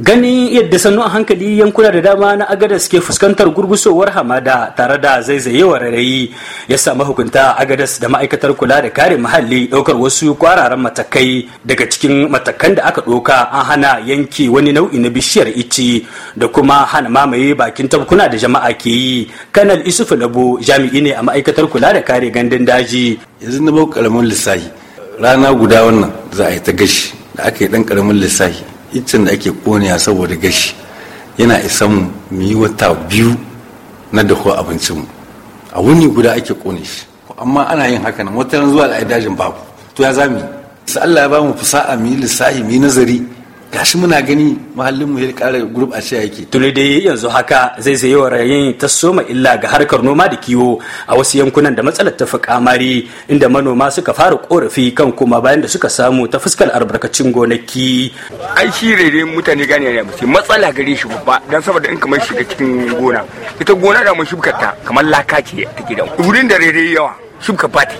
gani yadda sannu a hankali yankuna da dama na agada suke fuskantar gurgusowar hamada tare da zaizayewar rayi ya samu hukunta agadas da ma'aikatar kula da kare muhalli daukar wasu kwararan matakai daga cikin matakan da aka ɗauka an hana yanki wani nau'i na bishiyar ici da kuma hana mamaye bakin tabkuna da jama'a ke yi kanal isufu labo jami'i ne a ma'aikatar kula da kare gandun daji yanzu na bau karamin lissahi rana guda wannan za a yi ta gashi da aka yi dan karamin lissahi itin da ake konewa saboda gashi yana isan mu yi wata biyu na abincin abincinmu a wuni guda ake kone shi amma ana yin haka nan wata zuwa al'adajin babu to ya zami sai Allah ya ba mu fasaha mu yi lissahi mu yi nazari gashi muna gani mahallinmu ya kara group a yake tuni dai yanzu haka zai zai yawa rayin ta soma illa ga harkar noma da kiwo a wasu yankunan da matsalar ta fi kamari inda manoma suka fara korafi kan kuma bayan da suka samu ta fuskar albarkacin gonaki ai shi rere mutane gane ne ba matsala gare shi babba dan saboda in kamar shiga cikin gona ita gona da mun shubkar ta kamar laka ce ta gidan wurin da rere yawa shubka ba ta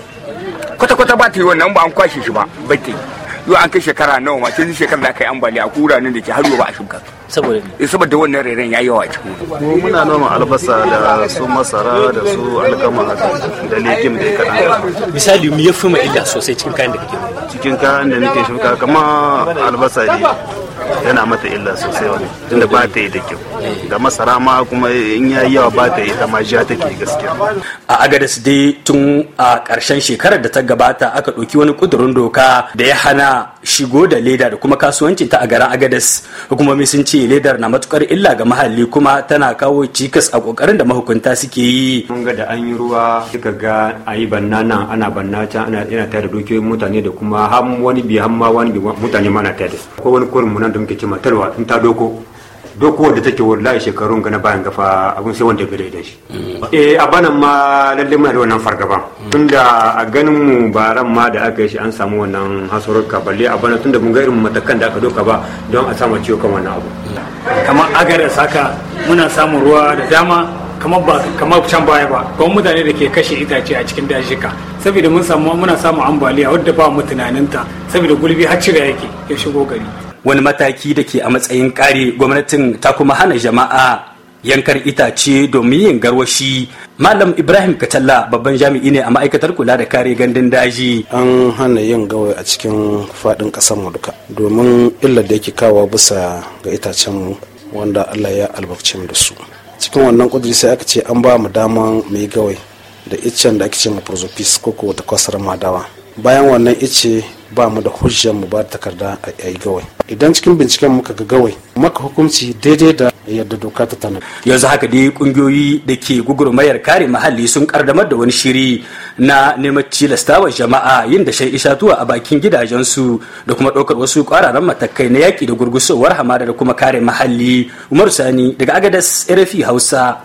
kwata-kwata ba ta yi wannan ba an kwashe shi ba ba ta yi yau an kai shekara nawa ma cikin shekara da kai ambaliya ko wuraren da ke har ba a shuka saboda eh, saboda wannan rairan yayi yawa cikin mu muna noma albasa da su masara da su alkama da legume da kadan misali mu yafi ma illa sosai cikin kayan da kake cikin kayan da nake shuka kamar albasa ne yana mata illa sosai wani tunda ba ta yi da kyau da masara ma kuma in ya yawa ba ta yi ta ma ja take gaskiya a agadis dai tun a ƙarshen shekarar da ta gabata aka ɗauki wani ƙudurin doka da ya hana shigo da leda da kuma kasuwancin ta a garin agadis hukumomi sun ce ledar na matukar illa ga mahalli kuma tana kawo cikas a ƙoƙarin da mahukunta suke yi mun ga da an yi ruwa kika ga a yi banna nan ana banna can ana yana tare da dokiyoyin mutane da kuma har wani bi har ma wani bi mutane ma na tare ko wani kurin mu nan muke cewa matarwa in ta doko doko wanda take wallahi shekarun gana bayan gafa abun sai wanda bai da shi eh a banan ma lalle muna da wannan fargaban tunda a ganin mu baran ma da aka yi shi an samu wannan hasurka balle a bana tunda mun ga irin matakan da aka doka ba don a samu ciwo kan wannan abu kamar agar saka muna samun ruwa da dama kamar ba kamar can baya ba ko mutane da ke kashe itace a cikin dajika saboda mun samu muna samun ambaliya wadda ba mu ta saboda gulbi har cire yake ya shigo gari wani mataki da ke a matsayin kare gwamnatin ta kuma hana jama'a yankar itace domin yin garwashi malam ibrahim katalla babban jami'i ne a ma'aikatar kula da kare gandun daji an hana yin gawai a cikin faɗin ƙasar mu duka domin illar da yake kawo bisa ga itacen mu wanda allah ya albarci mu da su cikin wannan kudiri sai aka ce an ba mu dama mai yi gawai da iccen da ake ce ma prosopis ko ko ta kwasar madawa bayan wannan icce ba mu da hujjar mu ba takarda a yi gawai idan cikin binciken muka ga gawai maka hukunci daidai da yadda doka ta tana yanzu haka dai kungiyoyi da ke gugurmayar kare mahalli sun kardamar da wani shiri na neman tilastawa jama'a yin da shan isatuwa a bakin gidajensu da kuma ɗaukar wasu ƙwararren matakai na yaƙi da gurgusowar hamada da kuma kare muhalli umar sani daga agadas rfi hausa